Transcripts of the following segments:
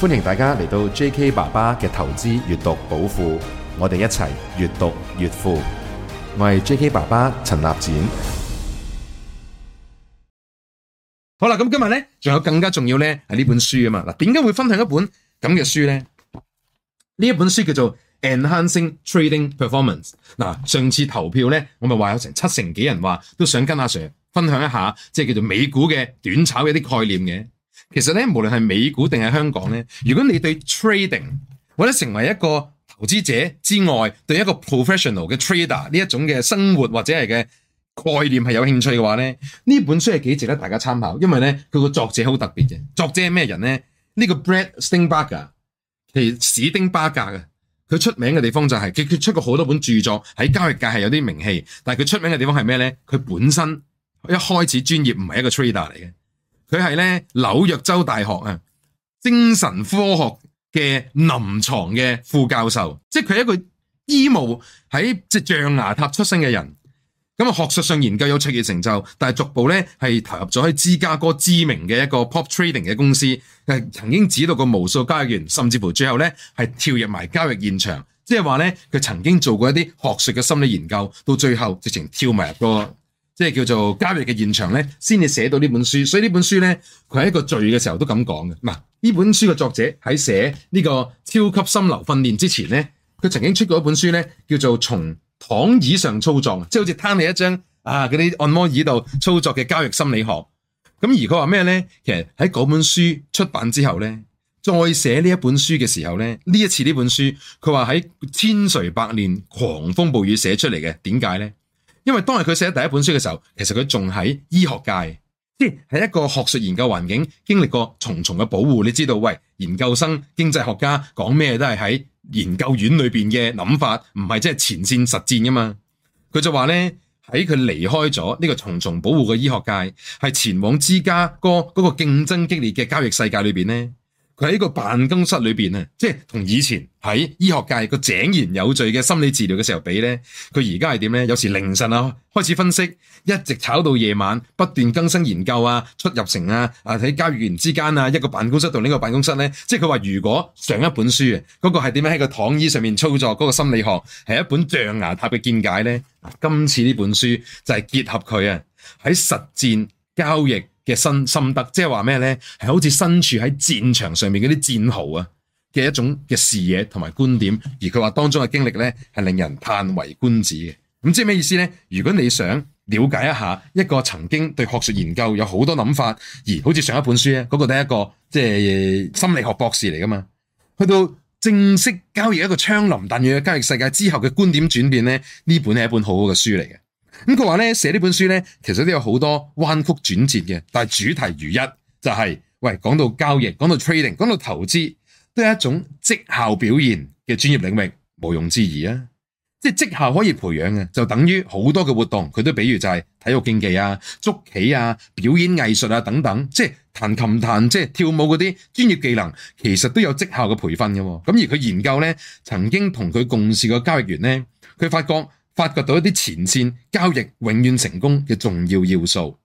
歡迎大家嚟到 J.K. 爸爸嘅投資閱讀寶庫，我哋一齊閱讀越富。我係 J.K. 爸爸陳立展。好啦，咁今日呢，仲有更加重要呢係呢本書啊嘛。嗱，點解會分享一本咁嘅書呢？呢一本書叫做 Enhancing Trading Performance。嗱，上次投票呢，我咪話有成七成幾人話都想跟阿 Sir 分享一下，即係叫做美股嘅短炒嘅啲概念嘅。其實咧，無論係美股定係香港咧，如果你對 trading 或者成為一個投資者之外，對一個 professional 嘅 trader 呢一種嘅生活或者係嘅概念係有興趣嘅話咧，呢本書係幾值得大家參考，因為咧佢個作者好特別嘅。作者係咩人咧？呢、這個 Brett Steenbarger，其實史丁巴格嘅。佢出名嘅地方就係佢佢出過好多本著作喺交易界係有啲名氣，但係佢出名嘅地方係咩咧？佢本身一開始專業唔係一個 trader 嚟嘅。佢係咧紐約州大學啊，精神科學嘅臨床嘅副教授，即係佢一個醫務喺即象牙塔出身嘅人，咁啊學術上研究有卓越成就，但係逐步咧係投入咗喺芝加哥知名嘅一個 pop trading 嘅公司，誒曾經指導過無數交易員，甚至乎最後咧係跳入埋交易現場，即係話咧佢曾經做過一啲學術嘅心理研究，到最後直情跳埋入個。即係叫做交易嘅現場咧，先至寫到呢本書。所以呢本書咧，佢喺一個序嘅時候都咁講嘅。嗱、啊，呢本書嘅作者喺寫呢、這個超級心流訓練之前咧，佢曾經出過一本書咧，叫做《從躺椅上操作》，即係好似攤喺一張啊嗰啲按摩椅度操作嘅交易心理學。咁而佢話咩咧？其實喺嗰本書出版之後咧，再寫呢一本書嘅時候咧，呢一次呢本書，佢話喺千錘百鍊、狂風暴雨寫出嚟嘅。點解咧？因為當時佢寫了第一本書嘅時候，其實佢仲喺醫學界，即係喺一個學術研究環境，經歷過重重嘅保護。你知道，喂，研究生、經濟學家講咩都係喺研究院裏邊嘅諗法，唔係即係前線實戰噶嘛。佢就話咧，喺佢離開咗呢個重重保護嘅醫學界，係前往芝加哥嗰個競爭激烈嘅交易世界裏邊咧。佢喺個辦公室裏邊啊，即係同以前喺醫學界個井然有序嘅心理治療嘅時候比咧，佢而家係點咧？有時凌晨啊，開始分析，一直炒到夜晚，不斷更新研究啊，出入城啊，啊喺交易員之間啊，一個辦公室到另一個辦公室咧，即係佢話如果上一本書啊，嗰個係點樣喺個躺椅上面操作嗰個心理學，係一本象牙塔嘅見解咧，今次呢本書就係結合佢啊，喺實戰交易嘅心心得，即係話咩呢？係好似身處喺戰場上面嗰啲戰壕啊嘅一種嘅視野同埋觀點，而佢話當中嘅經歷呢，係令人嘆為觀止嘅。咁即係咩意思呢？如果你想了解一下一個曾經對學術研究有好多諗法，而好似上一本書呢，嗰、那個第一個即係、就是、心理學博士嚟噶嘛，去到正式交易一個槍林彈雨嘅交易世界之後嘅觀點轉變呢，呢本係一本，一本好好嘅書嚟嘅。咁佢話咧寫呢本書咧，其實都有好多彎曲轉折嘅，但係主題如一就係、是，喂，講到交易，講到 trading，講到投資，都係一種績效表現嘅專業領域，毋庸置疑啊！即係績效可以培養嘅，就等於好多嘅活動，佢都比如就係體育競技啊、捉棋啊、表演藝術啊等等，即係彈琴彈，即係跳舞嗰啲專業技能，其實都有績效嘅培訓嘅、啊。咁而佢研究咧，曾經同佢共事過交易員咧，佢發覺。發掘到一啲前線交易永遠成功嘅重要要素。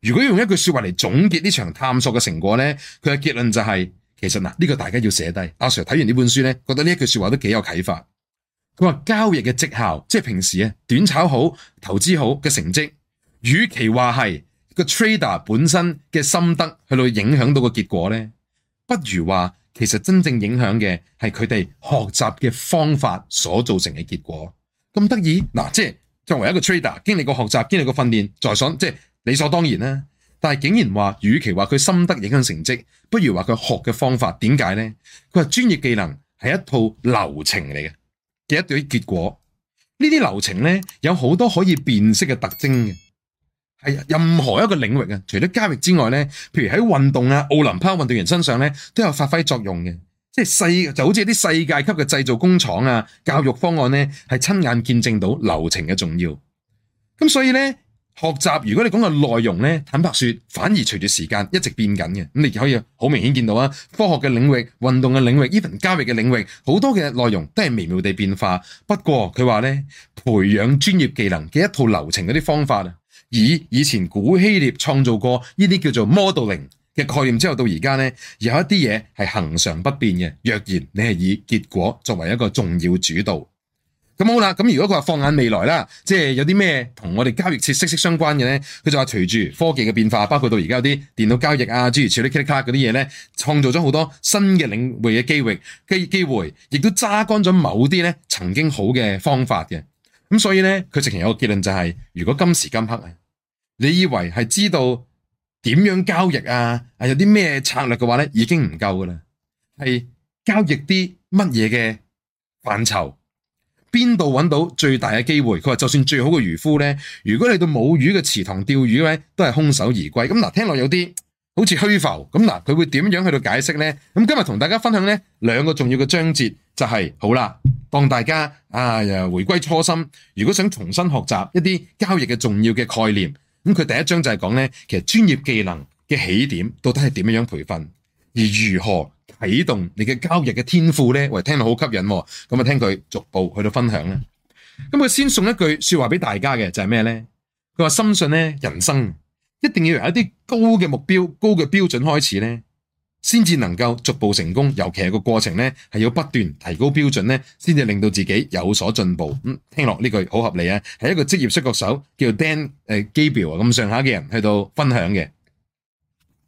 如果用一句說話嚟總結呢場探索嘅成果呢，佢嘅結論就係，其實嗱呢個大家要寫低。阿 Sir 睇完呢本書呢，覺得呢一句說話都幾有啟發。佢話交易嘅績效，即係平時啊短炒好、投資好嘅成績，與其話係個 trader 本身嘅心得去到影響到個結果呢，不如話其實真正影響嘅係佢哋學習嘅方法所造成嘅結果。咁得意嗱，即係作為一個 trader，經歷過學習、經歷過訓練，在想即係理所當然啦。但係竟然話，與其話佢心得影響成績，不如話佢學嘅方法點解咧？佢話專業技能係一套流程嚟嘅，嘅一堆結果。呢啲流程咧有好多可以辨識嘅特徵嘅，係任何一個領域啊，除咗交易之外咧，譬如喺運動啊、奧林匹克運動員身上咧，都有發揮作用嘅。即係世就好似啲世界級嘅製造工廠啊、教育方案咧，係親眼見證到流程嘅重要。咁所以咧學習，如果你講嘅內容咧，坦白說，反而隨住時間一直變緊嘅。咁你可以好明顯見到啊，科學嘅領域、運動嘅領域、even 教育嘅領域，好多嘅內容都係微妙地變化。不過佢話咧，培養專業技能嘅一套流程嗰啲方法啊，以以前古希臘創造過呢啲叫做 modeling 嘅概念，之後到而家咧，有一啲嘢係恒常不變嘅。若然你係以結果作為一個重要主導，咁、嗯、好啦。咁如果佢話放眼未來啦，即係有啲咩同我哋交易設息息相關嘅咧，佢就話隨住科技嘅變化，包括到而家有啲電腦交易啊，諸如似啲 credit card 嗰啲嘢咧，創造咗好多新嘅領域嘅機會，機機會亦都揸乾咗某啲咧曾經好嘅方法嘅。咁、嗯、所以咧，佢直情有個結論就係、是，如果今時今刻啊，你以為係知道？點樣交易啊？啊，有啲咩策略嘅話咧，已經唔夠噶啦。係交易啲乜嘢嘅範疇？邊度揾到最大嘅機會？佢話就算最好嘅漁夫咧，如果你到冇魚嘅池塘釣魚咧，都係空手而歸。咁嗱，聽落有啲好似虛浮。咁嗱，佢會點樣去到解釋咧？咁今日同大家分享咧，兩個重要嘅章節就係、是、好啦。當大家啊回歸初心，如果想重新學習一啲交易嘅重要嘅概念。咁佢第一章就係講呢，其實專業技能嘅起點到底係點樣樣培訓，而如何啟動你嘅交易嘅天賦呢，喂，聽落好吸引哦，咁啊聽佢逐步去到分享呢？咁佢先送一句說話俾大家嘅就係咩呢？佢話深信呢，人生一定要由一啲高嘅目標、高嘅標準開始呢，先至能夠逐步成功，尤其係個過程咧，係要不斷提高標準咧，先至令到自己有所進步。咁、嗯、聽落呢句好合理啊，係一個職業摔角手叫 Dan 誒、呃、Gabriel 咁上下嘅人去到分享嘅。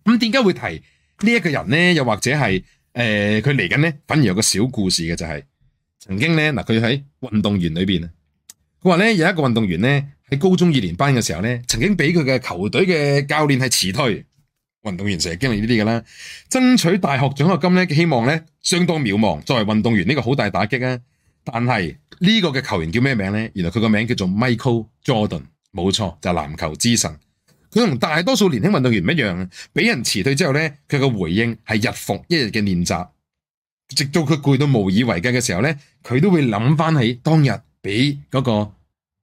咁點解會提呢一個人咧？又或者係誒佢嚟緊咧？反、呃、而有個小故事嘅就係、是、曾經咧嗱，佢喺運動員裏面。啊，佢話咧有一個運動員咧喺高中二年班嘅時候咧，曾經俾佢嘅球隊嘅教練係辭退。運動員成日經歷呢啲嘅啦，爭取大學獎學金咧，希望咧相當渺茫。作為運動員呢個好大打擊啊！但係呢個嘅球員叫咩名咧？原來佢個名叫做 Michael Jordan，冇錯就係籃球之神。佢同大多數年輕運動員唔一樣，俾人辭退之後咧，佢個回應係日復一日嘅練習，直到佢攰到無以為繼嘅時候咧，佢都會諗翻起當日俾嗰個。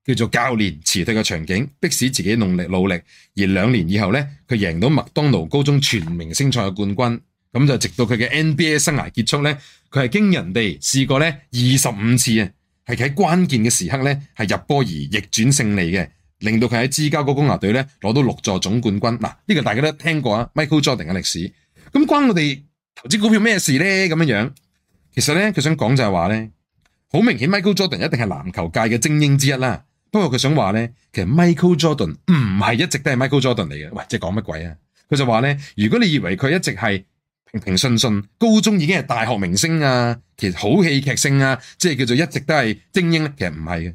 叫做教練辭退嘅場景，迫使自己努力努力。而兩年以後呢，佢贏到麥當勞高中全明星賽嘅冠軍。咁就直到佢嘅 NBA 生涯結束呢，佢係經人哋試過二十五次啊，係喺關鍵嘅時刻呢係入波而逆轉勝利嘅，令到佢喺芝加哥公牛隊呢攞到六座總冠軍。嗱，呢個大家都聽過啊，Michael Jordan 嘅歷史。咁關我哋投資股票咩事呢？咁樣樣，其實呢，佢想講就係話呢，好明顯 Michael Jordan 一定係籃球界嘅精英之一啦。不過佢想話咧，其實 Michael Jordan 唔係一直都係 Michael Jordan 嚟嘅，喂，即係講乜鬼啊？佢就話咧，如果你以為佢一直係平平順順，高中已經係大學明星啊，其實好戲劇性啊，即係叫做一直都係精英咧，其實唔係嘅。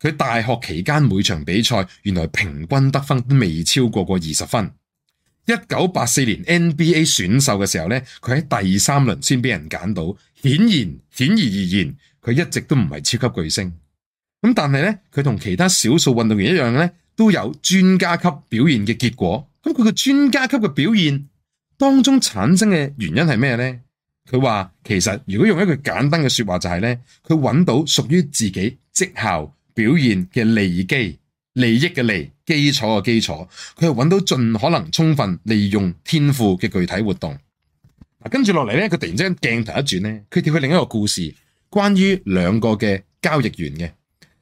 佢大學期間每場比賽原來平均得分都未超過過二十分。一九八四年 NBA 選秀嘅時候咧，佢喺第三輪先俾人揀到，顯然顯而易見，佢一直都唔係超級巨星。咁但係咧，佢同其他少數運動員一樣咧，都有專家級表現嘅結果。咁佢個專家級嘅表現當中產生嘅原因係咩咧？佢話其實如果用一句簡單嘅說話就係咧，佢揾到屬於自己績效表現嘅利基、利益嘅利、基礎嘅基礎，佢係揾到盡可能充分利用天賦嘅具體活動。跟住落嚟咧，佢突然之間鏡頭一轉咧，佢跳去另一個故事，關於兩個嘅交易員嘅。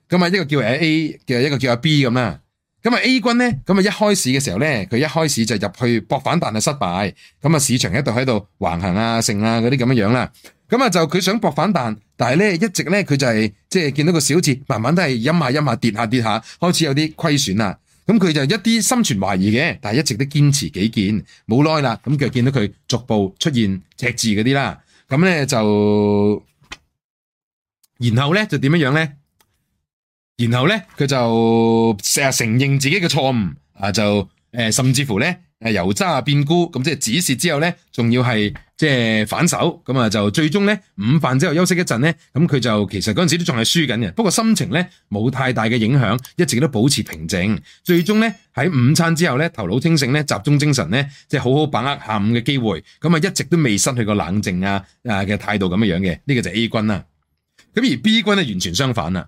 咁啊，一個叫誒 A 一個叫阿 B 咁啊，咁 A 君呢？咁啊一開始嘅時候呢，佢一開始就入去搏反彈啊失敗，咁啊市場一度喺度橫行啊升啊嗰啲咁嘅樣啦，咁啊就佢想搏反彈，但係呢一直呢，佢就係、是、即係見到個小字，慢慢都係陰下陰下跌下跌下，開始有啲虧損啦，咁佢就一啲心存懷疑嘅，但係一直都堅持己見，冇耐啦，咁就見到佢逐步出現赤字嗰啲啦，咁咧就然後呢，就點樣呢？咧？然後咧，佢就成日承認自己嘅錯誤啊，就誒、呃，甚至乎咧誒由揸變沽，咁即係止蝕之後咧，仲要係即係反手，咁啊就最終咧，午飯之後休息一陣咧，咁佢就其實嗰陣時都仲係輸緊嘅，不過心情咧冇太大嘅影響，一直都保持平靜。最終咧喺午餐之後咧，頭腦清醒咧，集中精神咧，即、就、係、是、好好把握下午嘅機會，咁啊一直都未失去過冷靜啊啊嘅態度咁樣樣嘅，呢、這個就係 A 君啦。咁而 B 君咧完全相反啦。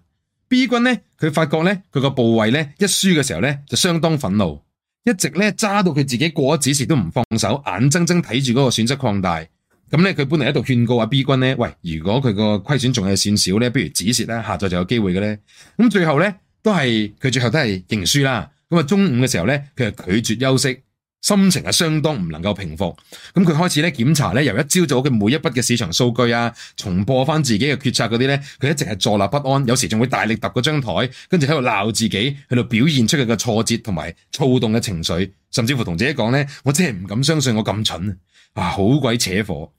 B 君呢，佢發覺呢，佢個部位呢，一輸嘅時候呢，就相當憤怒，一直呢，揸到佢自己過咗止蝕都唔放手，眼睜睜睇住嗰個損失擴大。咁呢，佢本嚟喺度勸告阿、啊、B 君呢：「喂，如果佢個虧損仲係算少呢，不如止蝕啦、啊，下次就有機會嘅呢。」咁最後呢，都係佢最後都係認輸啦。咁啊，中午嘅時候呢，佢係拒絕休息。心情係相當唔能夠平復，咁佢開始咧檢查咧，由一朝早嘅每一筆嘅市場數據啊，重播翻自己嘅決策嗰啲咧，佢一直係坐立不安，有時仲會大力揼嗰張台，跟住喺度鬧自己，喺度表現出佢嘅挫折同埋躁動嘅情緒，甚至乎同自己講咧，我真係唔敢相信我咁蠢啊，啊好鬼扯火，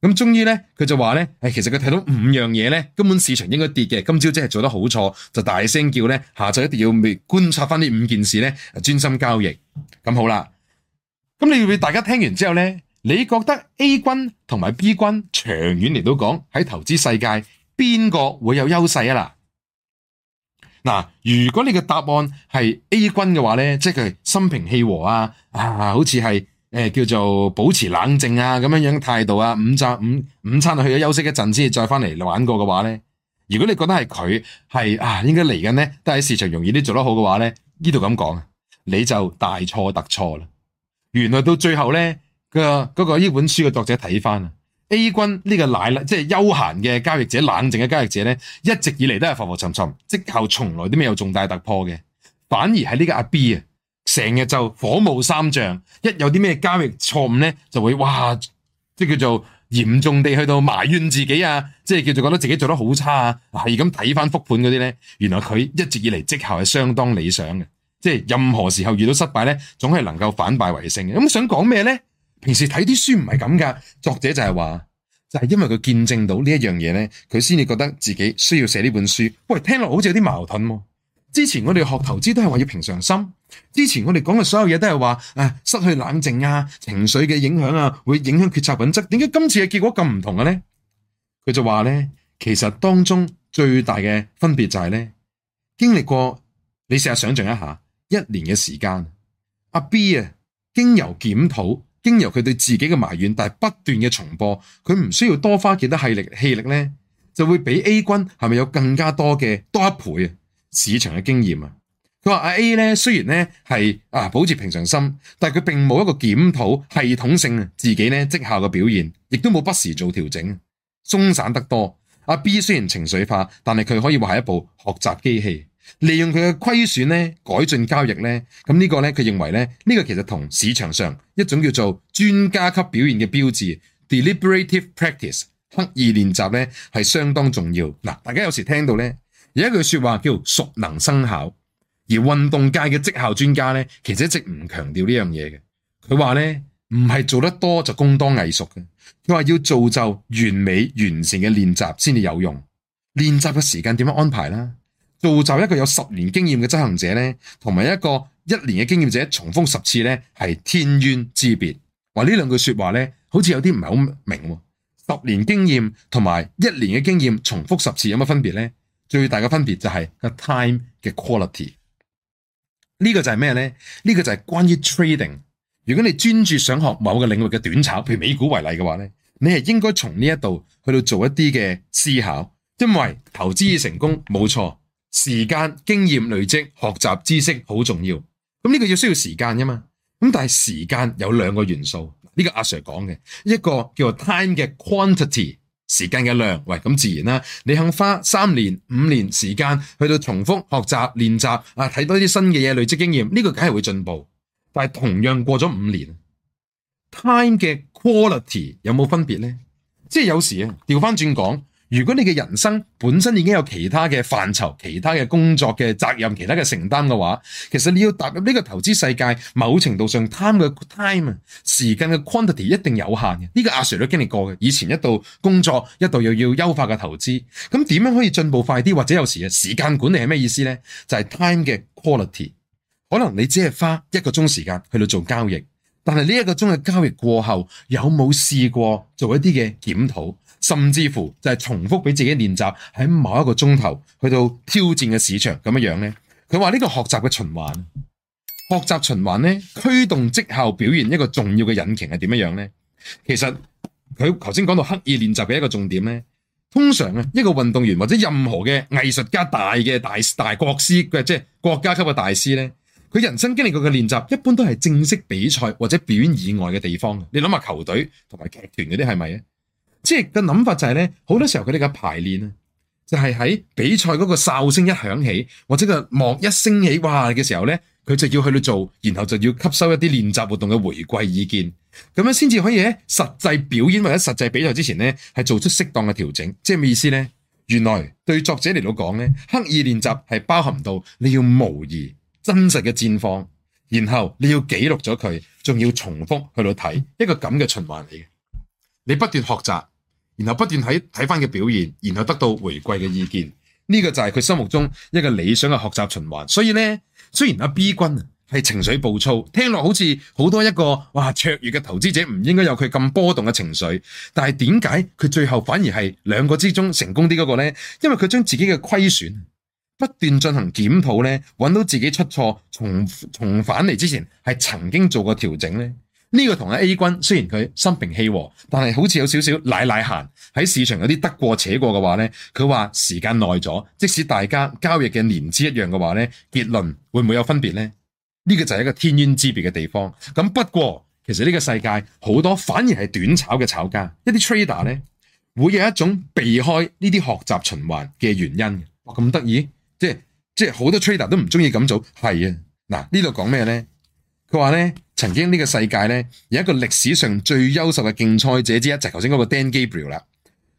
咁終於咧佢就話咧，誒其實佢睇到五樣嘢咧，根本市場應該跌嘅，今朝真係做得好錯，就大聲叫咧，下晝一定要觀察翻呢五件事咧，專心交易，咁好啦。咁你會唔會大家聽完之後呢，你覺得 A 君同埋 B 君長遠嚟到講喺投資世界邊個會有優勢啊？嗱，如果你嘅答案係 A 君嘅話呢，即係佢心平氣和啊，啊，好似係誒叫做保持冷靜啊咁樣樣態度啊，午餐午午餐去咗休息一陣先，再翻嚟，玩過嘅話呢，如果你覺得係佢係啊，應該嚟緊呢，都喺市場容易啲做得好嘅話呢，呢度咁講啊，你就大錯特錯啦。原來到最後呢，嗰個、嗰個呢本書嘅作者睇翻啊，A 君呢個冷即係悠閒嘅交易者、冷靜嘅交易者呢，一直以嚟都係浮浮沉沉，績效從來都未有重大突破嘅。反而係呢個阿 B 啊，成日就火冒三丈，一有啲咩交易錯誤呢，就會哇，即係叫做嚴重地去到埋怨自己啊，即係叫做覺得自己做得好差啊。係咁睇翻復盤嗰啲呢，原來佢一直以嚟績效係相當理想嘅。即係任何時候遇到失敗咧，總係能夠反敗為勝嘅。咁想講咩咧？平時睇啲書唔係咁噶，作者就係話，就係因為佢見證到呢一樣嘢咧，佢先至覺得自己需要寫呢本書。喂，聽落好似有啲矛盾。之前我哋學投資都係話要平常心，之前我哋講嘅所有嘢都係話，啊，失去冷靜啊，情緒嘅影響啊，會影響決策品質。點解今次嘅結果咁唔同嘅咧？佢就話咧，其實當中最大嘅分別就係咧，經歷過，你試下想象一下。一年嘅時間，阿 B 啊，經由檢討，經由佢對自己嘅埋怨，但係不斷嘅重播，佢唔需要多花幾多氣力氣力咧，就會比 A 君，係咪有更加多嘅多一倍啊市場嘅經驗啊？佢話阿 A 咧，雖然咧係啊保持平常心，但係佢並冇一個檢討系統性自己咧績效嘅表現，亦都冇不時做調整，鬆散得多。阿 B 雖然情緒化，但係佢可以話係一部學習機器。利用佢嘅虧損咧，改進交易咧，咁呢個咧佢認為咧呢個其實同市場上一種叫做專家級表現嘅標誌 （deliberative practice，刻意練習）咧係相當重要。嗱，大家有時聽到咧有一句說話叫熟能生巧，而運動界嘅績效專家咧其實一直唔強調呢樣嘢嘅。佢話咧唔係做得多就工多藝熟嘅，佢話要做就完美、完成嘅練習先至有用。練習嘅時間點樣安排啦？造就一個有十年經驗嘅執行者呢，同埋一個一年嘅經驗者重複十次呢係天淵之別。話呢兩句說話呢，好似有啲唔係好明。十年經驗同埋一年嘅經驗重複十次有乜分別呢？最大嘅分別就係個 time 嘅 quality。呢個就係咩呢？呢個就係關於 trading。如果你專注想學某個領域嘅短炒，譬如美股為例嘅話呢，你係應該從呢一度去到做一啲嘅思考，因為投資成功，冇錯。時間經驗累積、學習知識好重要，咁、這、呢個要需要時間噶嘛？咁但係時間有兩個元素，呢、這個阿 Sir 講嘅，一個叫做 time 嘅 quantity，時間嘅量，喂咁自然啦、啊，你肯花三年、五年時間去到重複學習、練習啊，睇多啲新嘅嘢累積經驗，呢、這個梗係會進步，但係同樣過咗五年，time 嘅 quality 有冇分別咧？即係有時啊，調返轉講。如果你嘅人生本身已經有其他嘅範疇、其他嘅工作嘅責任、其他嘅承擔嘅話，其實你要踏入呢個投資世界，某程度上 time 嘅 time 啊，時間嘅 quantity 一定有限嘅。呢、這個阿 Sir 都經歷過嘅，以前一度工作，一度又要優化嘅投資，咁點樣可以進步快啲？或者有時嘅時間管理係咩意思呢？就係、是、time 嘅 quality，可能你只係花一個鐘時間去到做交易，但係呢一個鐘嘅交易過後，有冇試過做一啲嘅檢討？甚至乎就係重複俾自己練習，喺某一個鐘頭去到挑戰嘅市場咁樣樣咧。佢話呢個學習嘅循環，學習循環咧驅動績效表現一個重要嘅引擎係點樣咧？其實佢頭先講到刻意練習嘅一個重點咧，通常啊一個運動員或者任何嘅藝術家大嘅大大國師嘅即係國家級嘅大師咧，佢人生經歷過嘅練習一般都係正式比賽或者表演以外嘅地方。你諗下球隊同埋劇團嗰啲係咪啊？即係、個諗法就係、是、咧，好多時候佢哋嘅排練啊，就係、是、喺比賽嗰個哨聲一響起，或者個幕一升起，哇嘅時候咧，佢就要去到做，然後就要吸收一啲練習活動嘅回歸意見，咁樣先至可以喺實際表演或者實際比賽之前咧，係做出適當嘅調整。即係咩意思咧？原來對作者嚟到講咧，刻意練習係包含到你要模擬真實嘅戰況，然後你要記錄咗佢，仲要重複去到睇，一個咁嘅循環嚟嘅，你不斷學習。然後不斷睇睇翻嘅表現，然後得到回饋嘅意見，呢個就係佢心目中一個理想嘅學習循環。所以呢，雖然阿 B 君係情緒暴躁，聽落好似好多一個哇卓越嘅投資者唔應該有佢咁波動嘅情緒，但係點解佢最後反而係兩個之中成功啲嗰個呢？因為佢將自己嘅虧損不斷進行檢討呢，揾到自己出錯，重返嚟之前係曾經做過調整呢。呢個同阿 A 君，雖然佢心平氣和，但係好似有少少奶奶閒喺市場有啲得過且過嘅話咧，佢話時間耐咗，即使大家交易嘅年資一樣嘅話咧，結論會唔會有分別咧？呢個就係一個天淵之別嘅地方。咁不過其實呢個世界好多反而係短炒嘅炒家，一啲 trader 咧會有一種避開呢啲學習循環嘅原因。咁得意，即係即係好多 trader 都唔中意咁做。係啊，嗱呢度講咩咧？佢話咧。曾經呢個世界呢，有一個歷史上最優秀嘅競賽者之一，就頭先嗰個 Dan Gabriel 啦。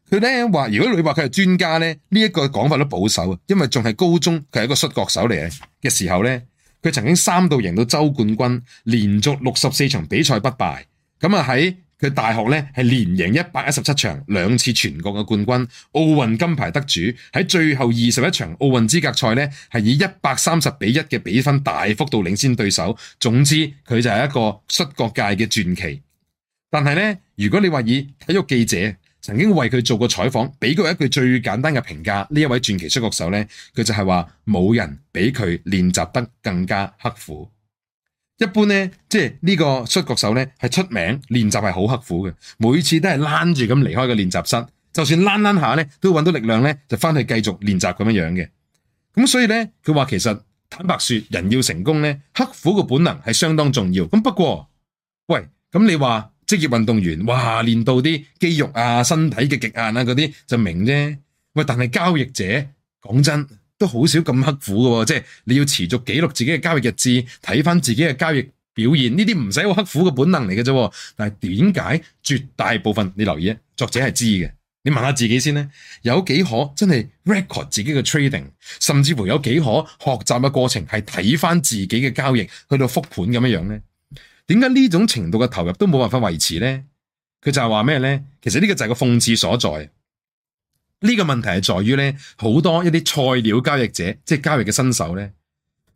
佢呢話：如果你話佢係專家呢，呢一個講法都保守啊，因為仲係高中，佢係一個摔角手嚟嘅時候呢，佢曾經三度贏到州冠軍，連續六十四場比賽不敗。咁啊喺佢大學呢係連贏一百一十七場，兩次全國嘅冠軍，奧運金牌得主喺最後二十一場奧運資格賽呢，係以一百三十比一嘅比分大幅度領先對手。總之佢就係一個摔角界嘅傳奇。但係呢，如果你話以體育記者曾經為佢做過採訪，俾佢一句最簡單嘅評價，呢位傳奇摔角手呢，佢就係話冇人比佢練習得更加刻苦。一般咧，即係呢個摔角手咧係出名，練習係好刻苦嘅，每次都係攔住咁離開個練習室，就算攔攔下咧，都搵到力量咧就翻去繼續練習咁樣嘅。咁所以咧，佢話其實坦白說，人要成功咧，刻苦嘅本能係相當重要。咁不過，喂，咁你話職業運動員，哇，練到啲肌肉啊、身體嘅極限啊嗰啲就明啫。喂，但係交易者講真。都好少咁刻苦嘅，即係你要持續記錄自己嘅交易日誌，睇翻自己嘅交易表現，呢啲唔使好刻苦嘅本能嚟嘅啫。但係點解絕大部分你留意啊？作者係知嘅，你問下自己先咧，有幾可真係 record 自己嘅 trading，甚至乎有幾可學習嘅過程係睇翻自己嘅交易去到復盤咁樣樣咧？點解呢種程度嘅投入都冇辦法維持咧？佢就係話咩咧？其實呢個就係個諷刺所在。呢個問題係在於咧，好多一啲菜鳥交易者，即係交易嘅新手咧，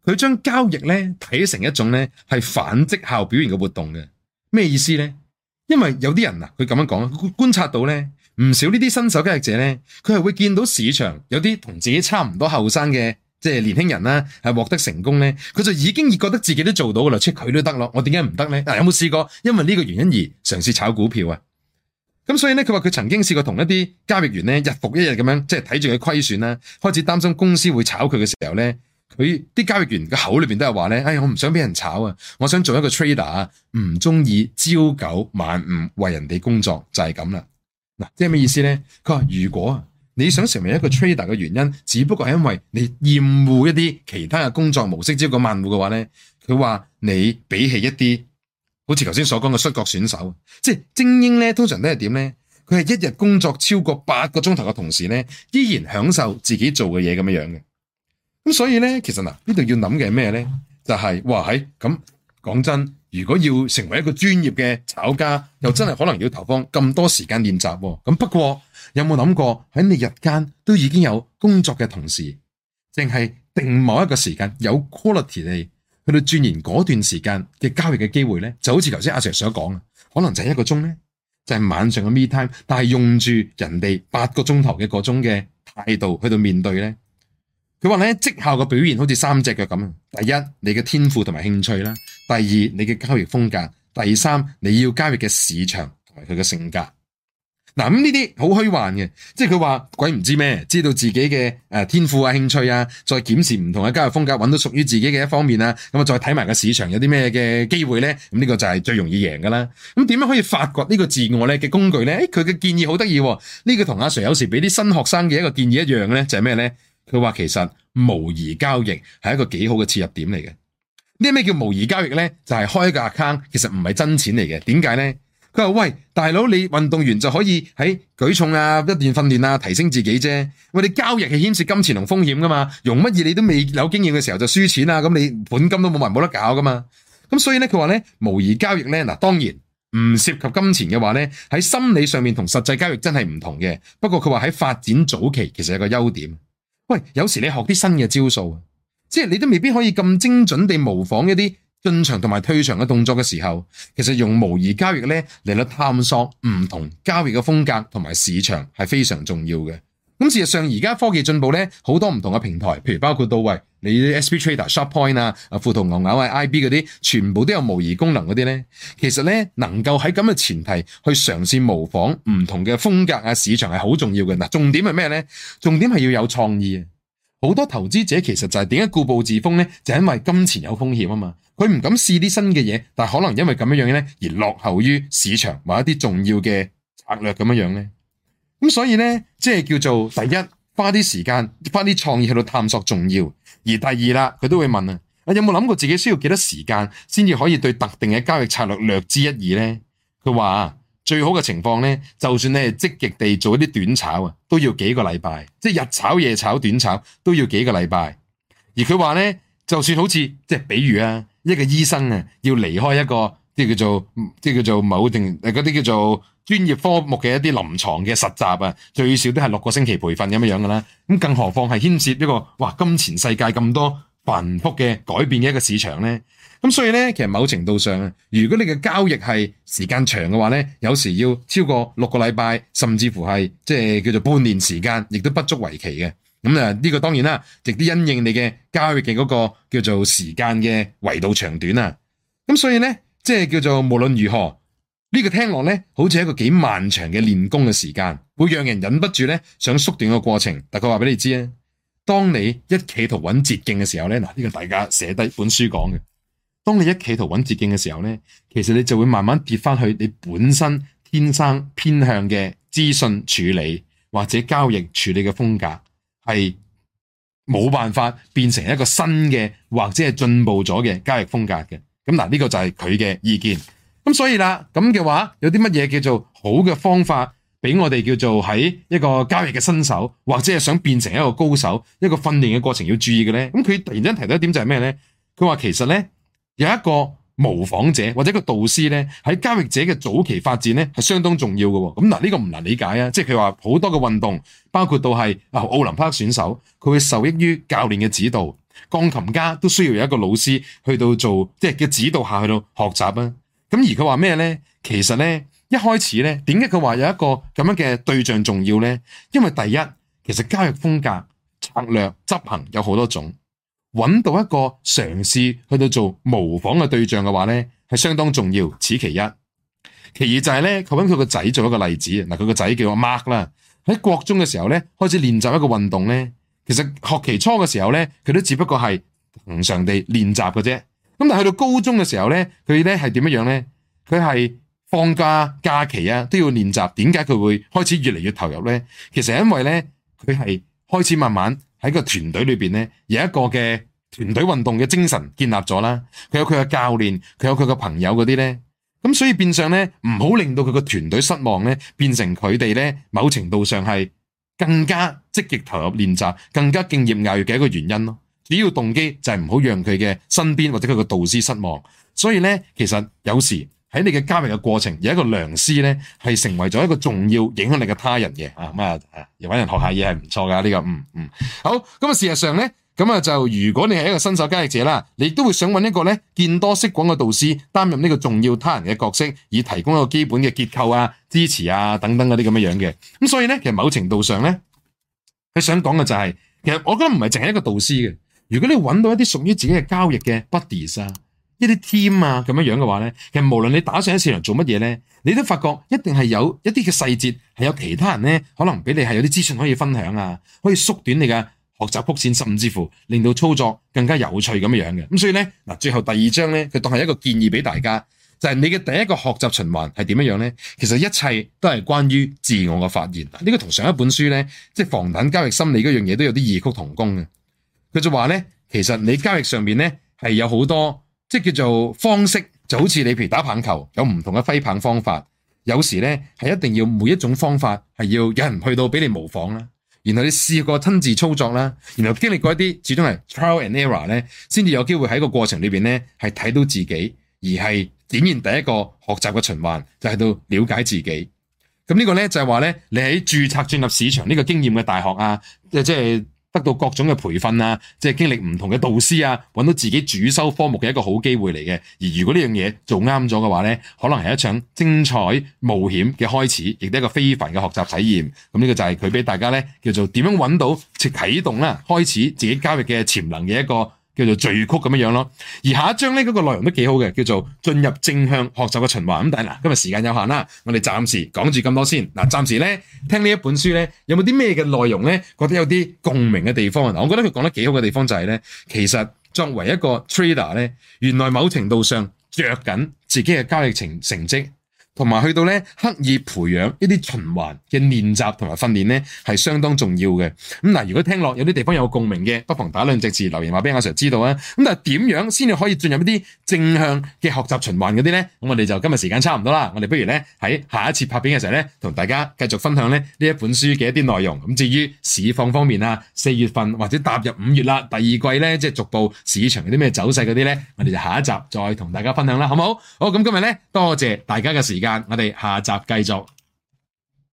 佢將交易咧睇成一種咧係反績效表現嘅活動嘅。咩意思咧？因為有啲人啊，佢咁樣講，觀察到咧，唔少呢啲新手交易者咧，佢係會見到市場有啲同自己差唔多後生嘅，即係年輕人啦，係獲得成功咧，佢就已經覺得自己都做到噶啦，即係佢都得咯。我點解唔得咧？嗱，有冇試過因為呢個原因而嘗試炒股票啊？咁所以咧，佢話佢曾經試過同一啲交易員咧，日復一日咁樣，即係睇住佢虧損啦，開始擔心公司會炒佢嘅時候咧，佢啲交易員嘅口裏邊都係話咧，哎呀，我唔想俾人炒啊，我想做一個 trader，唔中意朝九晚五為人哋工作就係咁啦。嗱，即係咩意思咧？佢話如果啊，你想成為一個 trader 嘅原因，只不過係因為你厭惡一啲其他嘅工作模式，朝九晚五嘅話咧，佢話你比起一啲。好似頭先所講嘅摔角選手，即係精英咧，通常都係點咧？佢係一日工作超過八個鐘頭嘅同時咧，依然享受自己做嘅嘢，咁樣樣嘅。咁所以咧，其實嗱，呢度要諗嘅係咩咧？就係、是、哇係咁講真，如果要成為一個專業嘅炒家，又真係可能要投放咁多時間練習。咁、嗯、不過有冇諗過喺你日間都已經有工作嘅同時，淨係定某一個時間有 quality 去到鑽研嗰段時間嘅交易嘅機會呢，就好似頭先阿 Sir 所講，可能就係一個鐘呢，就係晚上嘅 me time，但係用住人哋八個鐘頭嘅嗰種嘅態度去到面對呢。佢話呢，績效嘅表現好似三隻腳咁。第一，你嘅天賦同埋興趣啦；第二，你嘅交易風格；第三，你要交易嘅市場同埋佢嘅性格。嗱，咁呢啲好虛幻嘅，即係佢話鬼唔知咩，知道自己嘅誒天賦啊、興趣啊，再檢視唔同嘅交易風格，揾到屬於自己嘅一方面啊，咁啊再睇埋個市場有啲咩嘅機會咧，咁呢個就係最容易贏噶啦。咁點樣可以發掘呢個自我咧嘅工具咧？誒，佢嘅建議好得意，呢個同阿 Sir 有時俾啲新學生嘅一個建議一樣咧，就係咩咧？佢話其實模擬交易係一個幾好嘅切入點嚟嘅。呢咩叫模擬交易咧？就係開個 account，其實唔係真錢嚟嘅。點解咧？佢話喂，大佬，你運動員就可以喺、哎、舉重啊、一段訓練啊提升自己啫。我哋交易係牽涉金錢同風險噶嘛，容乜易你都未有經驗嘅時候就輸錢啦，咁你本金都冇埋冇得搞噶嘛。咁所以咧，佢話咧，模擬交易咧嗱，當然唔涉及金錢嘅話咧，喺心理上面同實際交易真係唔同嘅。不過佢話喺發展早期其實有個優點。喂，有時你學啲新嘅招數，即係你都未必可以咁精準地模仿一啲。進場同埋退場嘅動作嘅時候，其實用模擬交易咧嚟，到探索唔同交易嘅風格同埋市場係非常重要嘅。咁事實上而家科技進步咧，好多唔同嘅平台，譬如包括到位你啲 SP Trader、Sharp Point 啊、啊富途牛牛、啊、IB 嗰啲，全部都有模擬功能嗰啲咧。其實咧，能夠喺咁嘅前提去嘗試模仿唔同嘅風格啊市場係好重要嘅。嗱，重點係咩咧？重點係要有創意。好多投資者其實就係點解固步自封咧？就因為金錢有風險啊嘛。佢唔敢試啲新嘅嘢，但可能因為咁樣樣咧而落後於市場或者一啲重要嘅策略咁樣樣咧。咁所以咧，即係叫做第一，花啲時間，花啲創意去度探索重要。而第二啦，佢都會問啊：有冇諗過自己需要幾多時間先至可以對特定嘅交易策略略知一二咧？佢話最好嘅情況咧，就算你係積極地做一啲短炒啊，都要幾個禮拜，即係日炒夜炒短炒都要幾個禮拜。而佢話咧，就算好似即係比如啊。一個醫生啊，要離開一個即係叫做即係叫做某定誒嗰啲叫做專業科目嘅一啲臨床嘅實習啊，最少都係六個星期培訓咁樣樣噶啦。咁更何況係牽涉一個哇金錢世界咁多繁複嘅改變嘅一個市場咧。咁所以咧，其實某程度上啊，如果你嘅交易係時間長嘅話咧，有時要超過六個禮拜，甚至乎係即係叫做半年時間，亦都不足為奇嘅。咁啊，呢個當然啦，直啲因應你嘅交易嘅嗰、那個叫做時間嘅維度長短啊。咁所以咧，即係叫做無論如何呢、呢個聽落咧，好似一個幾漫長嘅練功嘅時間，會讓人忍不住咧想縮短個過程。但佢話俾你知啊，當你一企圖揾捷徑嘅時候咧，嗱、這、呢個大家寫低本書講嘅，當你一企圖揾捷徑嘅時候咧，其實你就會慢慢跌翻去你本身天生偏向嘅資訊處理或者交易處理嘅風格。係冇辦法變成一個新嘅，或者係進步咗嘅交易風格嘅。咁嗱，呢個就係佢嘅意見。咁所以啦，咁嘅話有啲乜嘢叫做好嘅方法俾我哋叫做喺一個交易嘅新手或者係想變成一個高手，一個訓練嘅過程要注意嘅咧？咁佢突然間提到一點就係咩咧？佢話其實咧，有一個。模仿者或者個導師呢，喺交易者嘅早期發展呢，係相當重要嘅。咁嗱，呢個唔難理解啊。即係佢話好多嘅運動，包括到係啊奧林匹克選手，佢會受益於教練嘅指導。鋼琴家都需要有一個老師去到做，即係嘅指導下去到學習啊。咁而佢話咩呢？其實呢，一開始呢，點解佢話有一個咁樣嘅對象重要呢？因為第一，其實交易風格、策略、執行有好多種。揾到一個嘗試去到做模仿嘅對象嘅話咧，係相當重要，此其一。其二就係咧，佢揾佢個仔做一個例子嗱，佢個仔叫阿 Mark 啦，喺國中嘅時候咧，開始練習一個運動咧。其實學期初嘅時候咧，佢都只不過係平常地練習嘅啫。咁但係去到高中嘅時候咧，佢咧係點樣樣咧？佢係放假假期啊都要練習。點解佢會開始越嚟越投入咧？其實因為咧，佢係開始慢慢。喺個團隊裏邊呢，有一個嘅團隊運動嘅精神建立咗啦。佢有佢嘅教練，佢有佢嘅朋友嗰啲呢。咁所以變相呢，唔好令到佢個團隊失望呢，變成佢哋呢，某程度上係更加積極投入練習，更加敬業樂業嘅一個原因咯。主要動機就係唔好讓佢嘅身邊或者佢個導師失望。所以呢，其實有時。喺你嘅交易嘅過程，有一個良師咧，係成為咗一個重要影響力嘅他人嘅啊！咁啊，揾人學下嘢係唔錯噶。呢個嗯嗯，好。咁啊，事實上咧，咁啊，就如果你係一個新手交易者啦，你都會想揾一個咧見多識廣嘅導師擔任呢個重要他人嘅角色，以提供一個基本嘅結構啊、支持啊等等嗰啲咁嘅樣嘅。咁所以咧，其實某程度上咧，佢想講嘅就係、是，其實我覺得唔係淨係一個導師嘅，如果你揾到一啲屬於自己嘅交易嘅 buddies 啊。呢啲 team 啊咁樣樣嘅話咧，其實無論你打算喺市場做乜嘢咧，你都發覺一定係有一啲嘅細節係有其他人咧，可能俾你係有啲資訊可以分享啊，可以縮短你嘅學習曲線，甚至乎令到操作更加有趣咁樣樣嘅。咁所以咧嗱，最後第二章咧，佢當係一個建議俾大家，就係、是、你嘅第一個學習循環係點樣咧？其實一切都係關於自我嘅發現。呢、這個同上一本書咧，即係防彈交易心理嗰樣嘢都有啲異曲同工嘅。佢就話咧，其實你交易上面咧係有好多。即叫做方式，就好似你譬如打棒球，有唔同嘅揮棒方法。有時咧係一定要每一種方法係要有人去到俾你模仿啦，然後你試過親自操作啦，然後經歷過一啲始終係 trial and error 咧，先至有機會喺個過程裏邊咧係睇到自己，而係點燃第一個學習嘅循環，就係、是、到了解自己。咁、這、呢個咧就係話咧，你喺註冊進入市場呢個經驗嘅大學啊，即係。得到各種嘅培訓啊，即係經歷唔同嘅導師啊，揾到自己主修科目嘅一個好機會嚟嘅。而如果呢樣嘢做啱咗嘅話呢，可能係一場精彩冒險嘅開始，亦都係一個非凡嘅學習體驗。咁呢個就係佢俾大家呢，叫做點樣揾到，即係啟動啦，開始自己交易嘅潛能嘅一個叫做序曲咁樣樣咯，而下一章咧嗰個內容都幾好嘅，叫做進入正向學習嘅循環。咁但係嗱，今日時間有限啦，我哋暫時講住咁多先。嗱，暫時咧聽呢一本書咧，有冇啲咩嘅內容咧，覺得有啲共鳴嘅地方啊？嗱，我覺得佢講得幾好嘅地方就係、是、咧，其實作為一個 trader 咧，原來某程度上着緊自己嘅交易成成績。同埋去到咧，刻意培養一啲循環嘅練習同埋訓練咧，係相當重要嘅。咁嗱，如果聽落有啲地方有共鳴嘅，不妨打兩隻字留言話俾阿 Sir 知道啊。咁但係點樣先至可以進入一啲正向嘅學習循環嗰啲咧？咁我哋就今日時間差唔多啦，我哋不如咧喺下一次拍片嘅時候咧，同大家繼續分享咧呢一本書嘅一啲內容。咁至於市況方面啊，四月份或者踏入五月啦，第二季咧即係逐步市場嗰啲咩走勢嗰啲咧，我哋就下一集再同大家分享啦，好唔好？好，咁今日咧，多謝大家嘅時間。我哋下一集繼續。